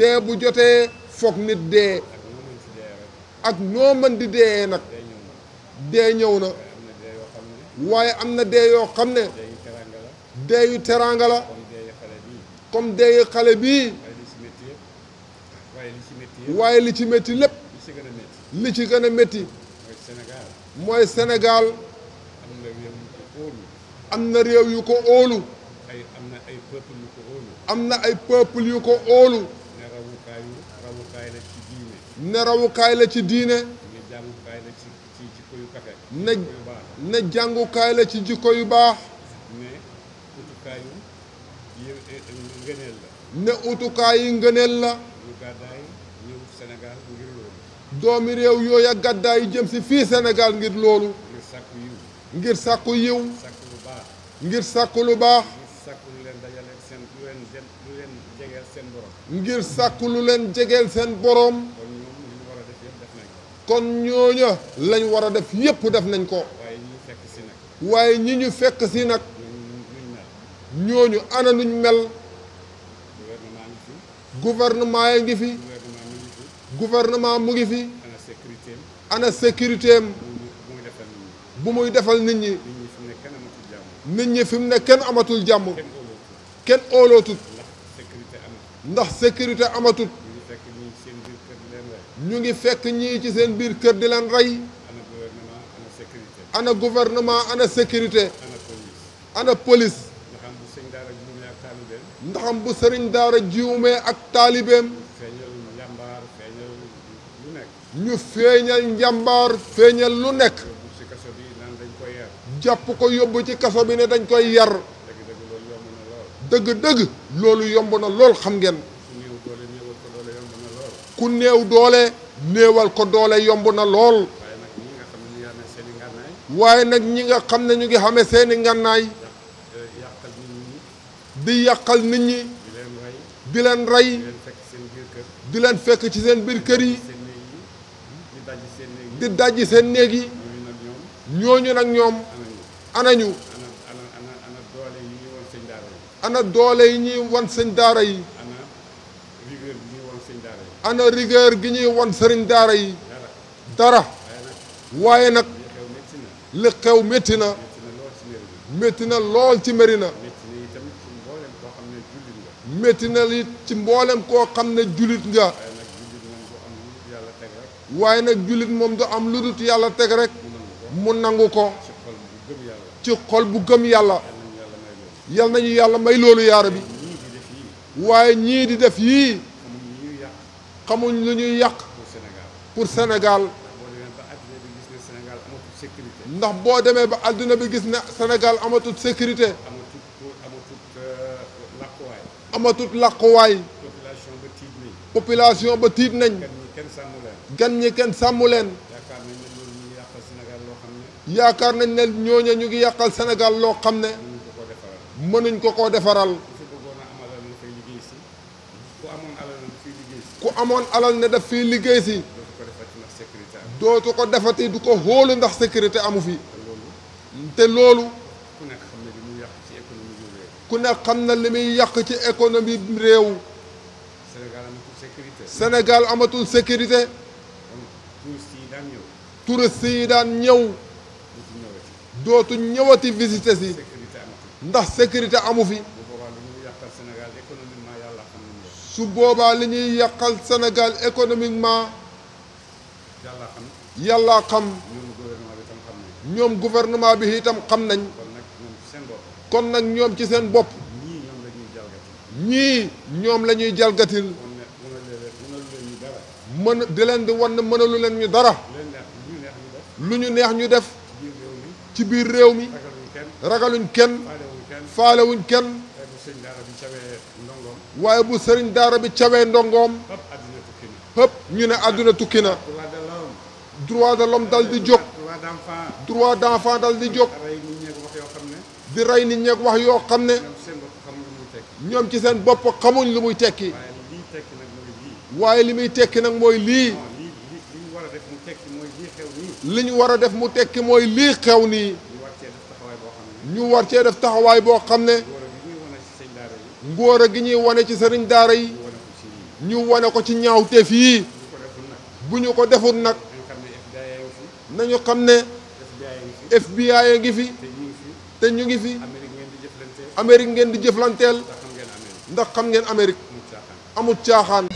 dee bu jotee foog nit dee ak noo mën di dee nag dee ñëw na waaye am na dee yoo xam ne dee yu teraanga la comme dee yu xale bii waaye li ci metti lépp li ci gën a métti mooy Sénégal am na réew yu ko óolu am na ay peuple yu ko óolu rawukaay la ci diine. ne rawukaay la ci diine. ne jàngukaay la ci jikko yu kafe. ne ne jàngukaay la ci jikko yu baax. ne utukaayu e, e, ngëneel la. doomi réew yooya gàddaay jëm si fii Sénégal ngir loolu. ngir sàkku yiw. ngir sàkku lu baax. ngir leen dajale. leen lu seen borom. ngir sàkku lu leen jegeel seen borom. kon ñooña lañu war a def yépp def nañ ko. waaye ñi ñu fekk si nag. waaye ñi ñu fekk si nag. ñooñu ana nuñ mel. gouvernement yaa ngi fi. gouvernement mu ngi fi. ana sécurité am. ana sécurité bu muy defal nit ñi. nit ñi fi mu nekk kenn amatul jàmm. kenn amatul jàmm. kenn óolootut ndax sécurité amatut ñu ngi fekk ñii ci seen biir kër di leen rey ana gouvernement ana sécurité ana police ndaxam bu sëriñ daara jiwumee ak taalibeem ñu feeñal njàmbaar feeñal lu nekk jàpp ko yóbbu ci kaso bi ne dañ koy yar dëgg-dëgg loolu yomb na lool xam ngeen ku néew doole néewal ko doole yomb na lool waaye nag ñi nga xam ne ñu ngi xamee seeni ngànnaay di yàqal nit ñi di leen rey di leen fekk ci seen biir kër yi di dajji seen néeg yi ñooñu nag ñoom anañu ana doole yi ñuy wan sëñ daara yi. ana rigueur gi ñuy wan sëriñ daara yi. dara. waaye nag li xew métti na. metti na lool ci Médina. métti na it ci mboolem koo xam ne jullit nga. waaye nag jullit moom du am lu yàlla teg rek. mu nangu ko. ci xol bu gëm yàlla. yalla nañu yalla may lolu ya rabbi ñi di def yi xamuñ lu ñuy yak pour Sénégal ndax bo démé ba aduna bi gis na Sénégal amatu sécurité amatu làquwaay population ba tit nañ gan ñi nañ ne ñooña ñu ngi yakal Sénégal lo mënuñ ko koo defaral. ku amoon alal ne def fii liggéey si. dootu ko defati du ko xóolu ndax sécurité amu fi. te loolu. ku nekk xam na li muy yàq ci économie réew. Sénégal amatul sécurité. touristes yi daan ñëw. dootu ñëwati visiter si. ndax sécurité amu fi. su boba li ñuy yakal Sénégal économiquement. yàlla xam. yàlla xam. ñoom gouvernement bi itam xam nañ. kon nag ñoom ci seen bopp. ñii ñoom la jalgatil. mën di leen di wan mënalu leen ñu dara. lu neex ñu def. ci biir réew mi. ragaluñ ken falawun ken waye bu sëriñ dara bi ciawé ndongom hop ñu ne àdduna tukki droit de l'homme dal di jóg droit d'enfant dal di jóg di ray nit ñek wax yo xamne ñom ci seen bop xamuñ lu muy tekki waye limuy muy tekki nag mooy li ñu wara def mu tekki moy li ñu xew nii ñu war cee def taxawaay boo xam ne ngóor a gi ñuy wane ci sëriñ daara yi ñu wane ko ci ñaawteef yii bu ñu ko deful nag nañu xam ne FBI a ngi fi te ñu ngi fi Amérique ngeen di jëflanteel ndax xam ngeen Amérique amul caaxaan